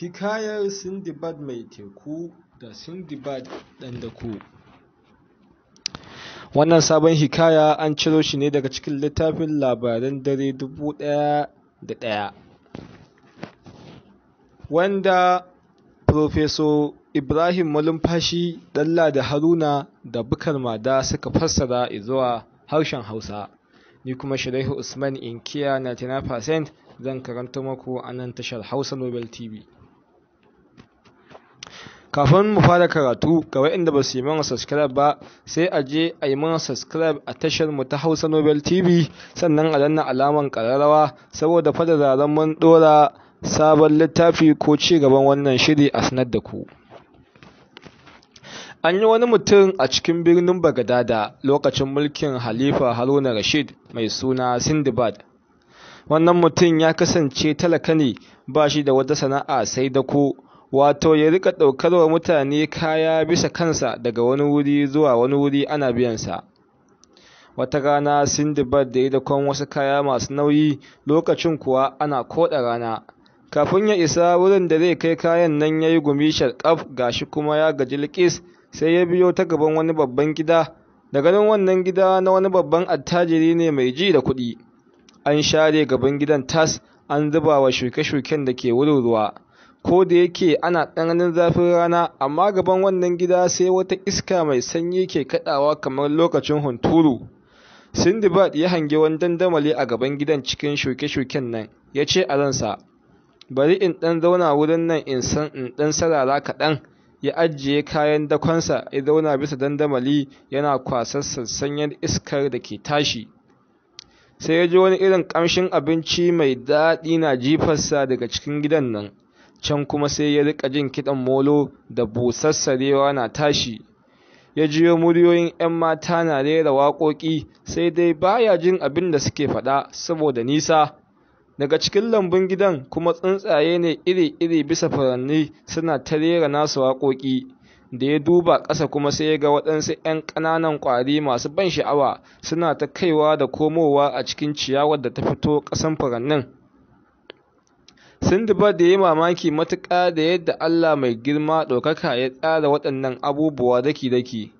Hikayar Sindbad mai teku da Sindbad ɗan dako. Wannan sabon hikaya an ciro shi ne daga cikin littafin labaran dare dubu ɗaya da ɗaya, wanda Profeso Ibrahim Malumfashi, Ɗalla da Haruna da Bukar Mada suka fassara zuwa harshen Hausa. Ni kuma Shiraihu Usman Inkiya 99% zan karanta muku a nan tashar Hausa Nobel TV. kafin mu fara karatu ga waɗanda ba su yi mana subscribe ba sai a je a yi mana subscribe a tashar mu ta Hausa Nobel TV sannan a danna alaman kararrawa saboda fada zaren mun dora sabon littafi ko ci gaban wannan shiri a sanar da ku An yi wani mutum a cikin birnin Bagadada lokacin mulkin Halifa Haruna Rashid mai suna Sindbad. Wannan mutum ya kasance talaka ne ba shi da wata sana'a sai da ko wato ya rika ɗaukar wa mutane kaya bisa kansa daga wani wuri zuwa wani wuri ana biyansa wata rana sindibad da ya dakon wasu kaya masu nauyi lokacin kuwa ana koɗa rana kafin ya isa wurin da zai kai kayan nan ya yi gumi ga gashi kuma ya gaji likis sai ya biyo ta gaban wani babban gida da ganin wannan gida na wani babban attajiri ne mai ji da kuɗi an share gaban gidan tas an zuba wa shuke-shuken da ke wurin ruwa ko da yake ana tsananin zafin rana amma gaban wannan gida sai wata iska mai sanyi ke kaɗawa kamar lokacin hunturu Sindibad ya hangi wani dandamali a gaban gidan cikin shuke-shuken nan ya ce a ransa bari in ɗan zauna wurin nan in san in ɗan sarara kaɗan ya ajiye kayan dakonsa ya zauna bisa dandamali yana kwasar sanyin iskar da ke tashi sai ya ji wani irin ƙamshin abinci mai daɗi na jifarsa daga cikin gidan nan can kuma sai ya rika jin kiɗan molo da busassarewa na tashi ya jiyo muryoyin 'yan mata na rera waƙoƙi sai dai baya jin abin da suke faɗa saboda nisa daga cikin lambun gidan kuma tsuntsaye ne iri-iri bisa furanni suna ta rera nasu waƙoƙi da ya duba ƙasa kuma sai ya ga waɗansu 'yan ƙananan ƙwari masu ban sha'awa suna ta kaiwa da komowa a cikin ciyawar da ta fito ƙasan furannin da ya yi mamaki matuƙa da yadda Allah mai girma ɗaukaka ya tsara waɗannan abubuwa daki-daki,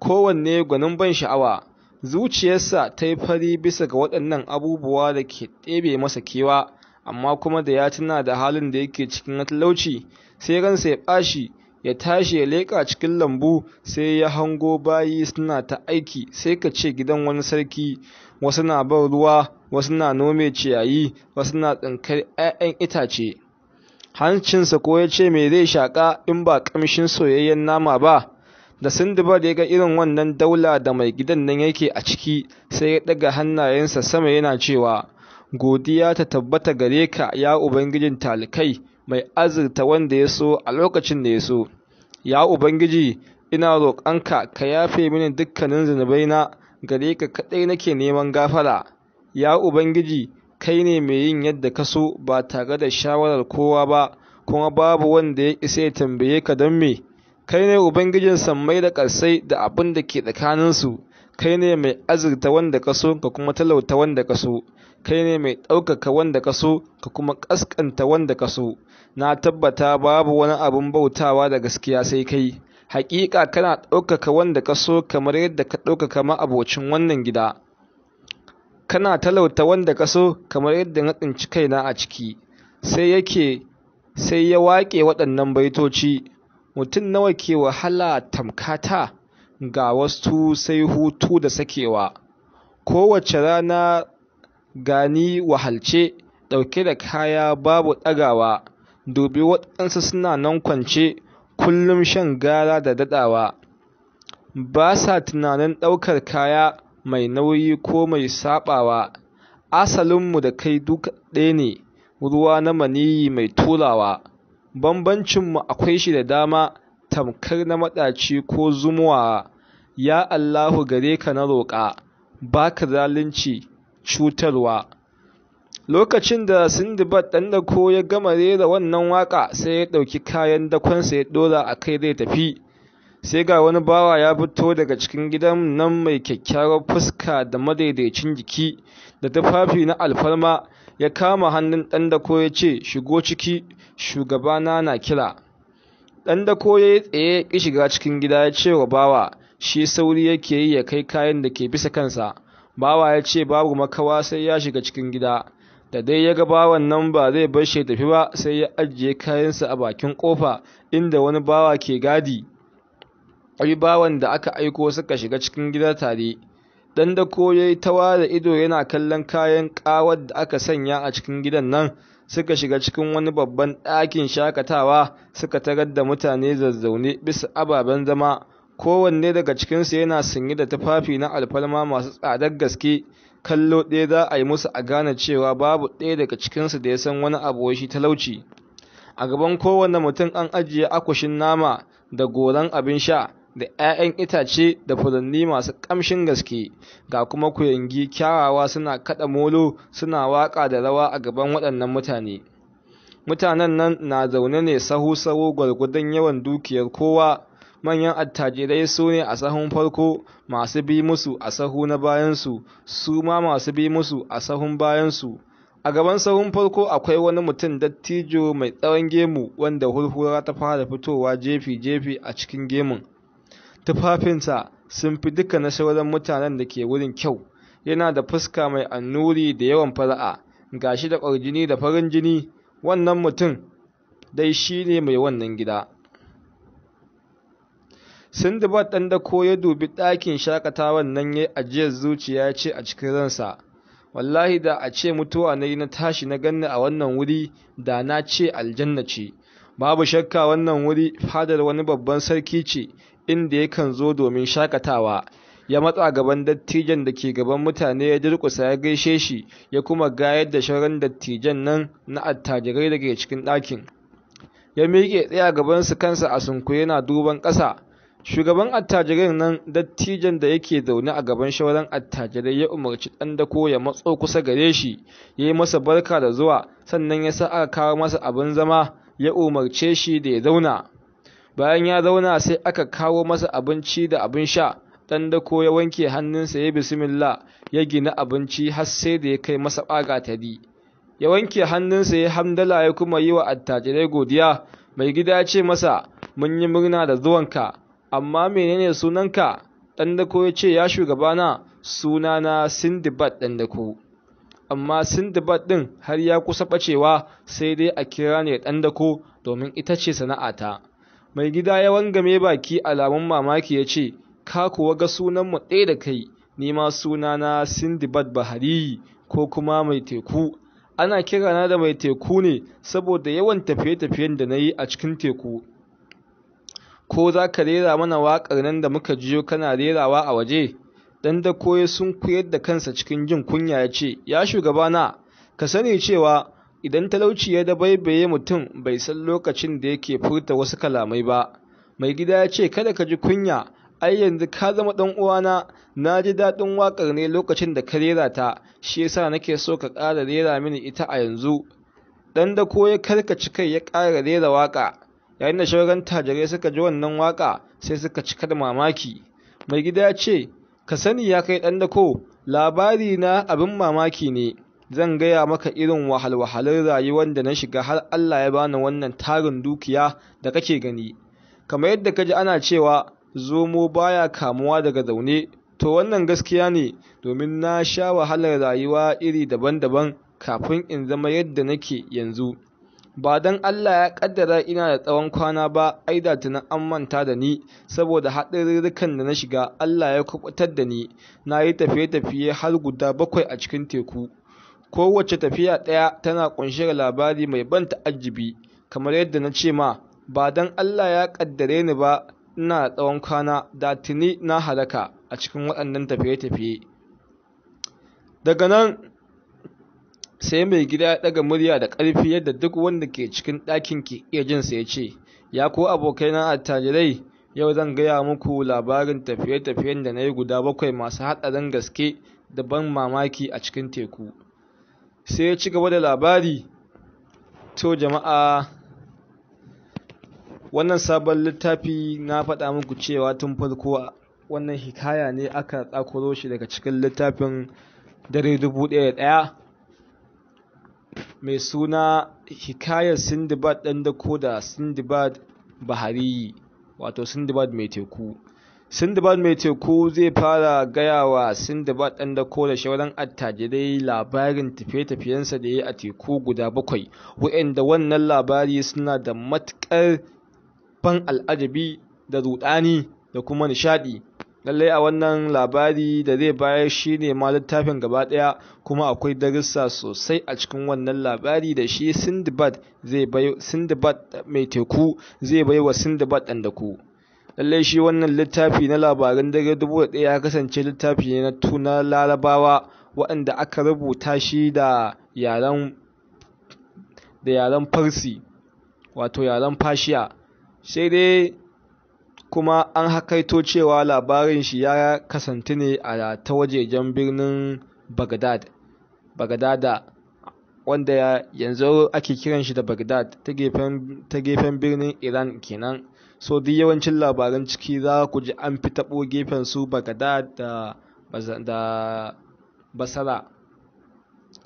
kowanne gwanin ban sha'awa, zuciyarsa ta yi fari bisa ga waɗannan abubuwa da ke ɗebe masa kewa, amma kuma da ya tuna da halin da yake cikin na talauci, sai ransa ya ɓashi, ya tashi ya leƙa cikin lambu sai ya hango bayi suna ta aiki sai ka ce gidan wani sarki wasu na ban ruwa wasu na nome ciyayi wasu na tsinkar 'ya'yan itace hancinsa ko ya ce me zai shaƙa in ba ƙamshin soyayyen nama ba da sindibar ya ga irin wannan daula da mai gidan nan yake a ciki sai ya ɗaga hannayensa sama yana cewa godiya ta tabbata gare ka ya ubangijin talikai mai azurta wanda ya so a lokacin da ya so ya ubangiji ina roƙonka ka yafe mini dukkanin zunubaina gare ka kaɗai nake neman gafara Ya Ubangiji, kai ne mai yin yadda ka so ba tare da shawarar kowa ba, kuma babu wanda ya isa ya tambaye ka don me. Kai ne Ubangijin sammai da ƙarsai da abin da ke tsakaninsu, kai ne mai azurta wanda ka so ka kuma talauta wanda ka so, kai ne mai ɗaukaka wanda ka so ka kuma ƙasƙanta wanda ka so. Na tabbata babu wani abin bautawa da gaskiya sai kai. Hakika kana ɗaukaka wanda ka so kamar yadda ka ɗaukaka ma'abocin wannan gida. kana talauta wanda ka so kamar yadda na tsinci kaina a ciki sai yake sai ya waƙe waɗannan baitoci mutum nawa ke wahala tamkata ga wasu sai hutu da sakewa kowace rana gani wahalce ɗauke da kaya babu ɗagawa dubi waɗansu suna nan kwance kullum shan gara da daɗawa ba sa tunanin ɗaukar kaya mai nauyi ko mai saɓawa, asalinmu da kai duk ɗaya ne, ruwa na maniyi mai turawa, bambancinmu akwai shi da dama tamkar na maɗaci ko zumuwa, ya Allahu gare ka na roƙa, ba ka zalunci cutarwa. Lokacin da Sindbad ɗan ko ya gama rera wannan waƙa sai ya ɗauki kayan dakonsa ya ɗora a kai zai tafi. sai ga wani bawa ya fito daga cikin gidan nan mai kyakkyawar fuska da madaidaicin jiki da tufafi na alfarma ya kama hannun ɗan da ya ce shigo ciki shugabana na kira ɗan da ya tsaye ya shiga cikin gida ya ce wa bawa shi sauri yake yi ya kai kayan da ke bisa kansa bawa ya ce babu makawa sai ya shiga cikin gida da dai ya ga bawan nan ba zai bar shi tafi ba sai ya ajiye kayansa a bakin kofa inda wani bawa ke gadi bawan da aka aiko suka shiga cikin gida tare ɗan dako ya tawa da ido yana kallon kayan ƙawar da aka sanya a cikin gidan nan suka shiga cikin wani babban ɗakin shakatawa suka tarar da mutane zazzaune bisa ababen zama kowanne daga cikinsu yana sanye da tufafi na alfalma masu tsadar gaske kallo ɗaya za a yi musu a gane cewa babu ɗaya daga cikinsu da ya san wani abu shi talauci a gaban kowane mutum an ajiye akushin nama da goran abin sha da ’ya'yan itace da furanni masu ƙamshin gaske, ga kuma kuyangi kyawawa suna kaɗa molo suna waƙa da rawa a gaban waɗannan mutane. Mutanen nan na zaune ne sahu-sahu gwargwadon yawan dukiyar kowa, manyan attajirai su ne a sahun farko, masu bi musu a sahu na bayansu, su ma masu bi musu a sahun bayansu. A gaban sahun farko akwai wani mutum dattijo mai tsawon gemu wanda hurhura ta fara fitowa jefi-jefi a cikin gemun. tufafinsa sun fi duka na sauran mutanen da ke wurin kyau yana da fuska mai annuri da yawan fara'a ga shi da ƙwarjini da farin jini wannan mutum dai shi ne mai wannan gida duba ɗan da ko ya dubi ɗakin shakatawan nan ya ajiyar zuciya ce a cikin ransa wallahi da a ce mutuwa na yi na tashi na ganni a wannan wuri da na ce aljanna ce babu shakka wannan wuri fadar wani babban sarki ce inda yakan zo domin shakatawa ya matsa gaban dattijan da ke gaban mutane ya durƙusa ya gaishe shi ya kuma gayar da shauran dattijan nan na attajirai daga cikin ɗakin ya miƙe tsaya su kansa a sunku yana duban ƙasa shugaban attajirai nan dattijan da yake zaune a gaban shauran attajirai ya umarci ɗan dako ya matso kusa gare shi ya yi masa barka da zuwa sannan ya sa aka kawo masa abin zama ya umarce shi da ya zauna bayan ya zauna sai aka kawo masa abinci da abin sha dan dako ya wanke hannunsa ya bismillah ya gina abinci har sai da ya kai masa baga tadi ya wanke hannunsa ya hamdala ya kuma yi wa attajirai godiya mai gida ya ce masa mun yi murna da zuwanka amma menene sunanka dan dako ya ce ya shugabana sunana sindibad dan dako amma sindibad din har ya kusa bacewa sai dai a kira ne dan dako domin ita ce sana'ata mai gida ya wangame baki alamun mamaki ya ce ka kuwa ga sunanmu ɗaya da kai ni ma sunana sindibad bahari ko kuma mai teku ana kirana da mai teku ne saboda yawan tafiye-tafiyen da na yi a cikin teku ko za ka rera mana waƙar nan da muka jiyo kana rerawa a waje dan da koye sun kuyar da kansa cikin jin kunya ya ce ya shugabana ka sani cewa idan talauci ya dabaibaye mutum bai san lokacin da yake furta wasu kalamai ba mai gida ya ce kada ka ji kunya ai yanzu ka zama dan uwana na ji daɗin waƙar ne lokacin da ka rera ta shi yasa nake so ka ƙara rera mini ita a yanzu dan da ko ya karkaci kai ya ƙara rera waƙa yayin da shawaran tajirai suka ji wannan waƙa sai suka cika da mamaki mai gida ya ce ka sani ya kai ɗan ko. labari na abin mamaki ne zan gaya maka irin wahalwahalar rayuwar da na shiga har Allah ya bani wannan tarin dukiya da kake gani kamar yadda ka ji ana cewa zomo baya kamuwa daga zaune to wannan gaskiya ne domin na sha wahalar rayuwa iri daban-daban kafin in zama yadda nake yanzu ba dan Allah ya kaddara ina da tsawon kwana ba ai da tuna an manta da ni saboda haɗarurrukan da na shiga Allah ya kubutar da ni na yi tafiye-tafiye har guda bakwai a cikin teku kowace tafiya ɗaya tana ƙunshe da labari mai ban ta'ajjibi kamar yadda na ce ma ba dan Allah ya ƙaddare ni ba ina da tsawon kwana da tuni na halaka a cikin waɗannan tafiye-tafiye daga nan sai mai gida ya ɗaga murya da ƙarfi yadda duk wanda ke cikin ɗakin ke iya sa ya ce ya ko abokaina attajirai yau zan gaya muku labarin tafiye-tafiyen da na yi guda bakwai masu haɗarin gaske da ban mamaki a cikin teku sai ya ci gaba da labari to jama'a wannan sabon littafi na faɗa muku cewa tun farko wannan hikaya ne aka tsakuro shi daga cikin littafin dare dubu ɗaya ɗaya mai suna hikayar sindbad ɗan dako da sindbad bahari wato sindibad mai teku Sindbad mai teku zai fara gaya wa Sindbad ɗan da da shawaran attajirai labarin tafiye-tafiyensa da ya yi a teku guda bakwai, waɗanda wannan labari suna da matuƙar ban al'ajabi da ruɗani da kuma nishaɗi. Lallai a wannan labari da zai bayar shi ne ma littafin gaba ɗaya kuma akwai darussa sosai a cikin wannan labari da shi Sindbad mai teku zai bai wa Sindbad ɗan da ku. lallai shi wannan littafi na labarin dare dubu da ya kasance littafi ne na tuna larabawa waɗanda aka rubuta shi da yaren da yaren farsi wato yaren fashiya sai dai kuma an hakaito cewa labarin shi ya kasance ne a ta wajejen birnin bagdad bagdada wanda yanzu ake kiran shi da bagdad ta gefen birnin iran kenan so duk yawancin labaran ciki za ku ji an fi taɓo gefen su bagada da da basara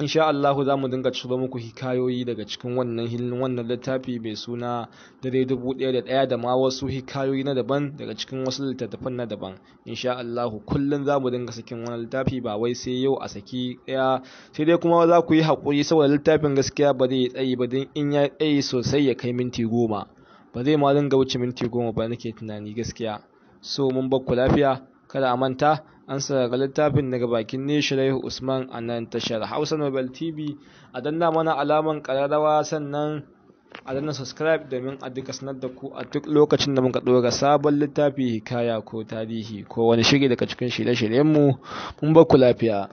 insha Allah za mu dinga ciro muku hikayoyi daga cikin wannan hilin wannan littafi mai suna dare dubu ɗaya da ɗaya da ma wasu hikayoyi na daban daga cikin wasu littattafan na daban insha Allah kullum za mu dinga sakin wannan littafi ba wai sai yau a saki ɗaya sai dai kuma za ku yi haƙuri saboda littafin gaskiya ba zai tsayi ba don in ya tsayi sosai ya kai minti goma ba zai ma dinga wuce minti goma ba nake tunani gaskiya so mun bakku lafiya kada a manta an ga littafin daga bakin ne shirayu usman a nan tashar hausa nobel tv a danna mana alaman kararrawa sannan a danna subscribe domin a duka sanar da ku a duk lokacin da muka ɗora sabon littafi hikaya ko tarihi ko wani shiri daga cikin shirye-shiryenmu mun bakku lafiya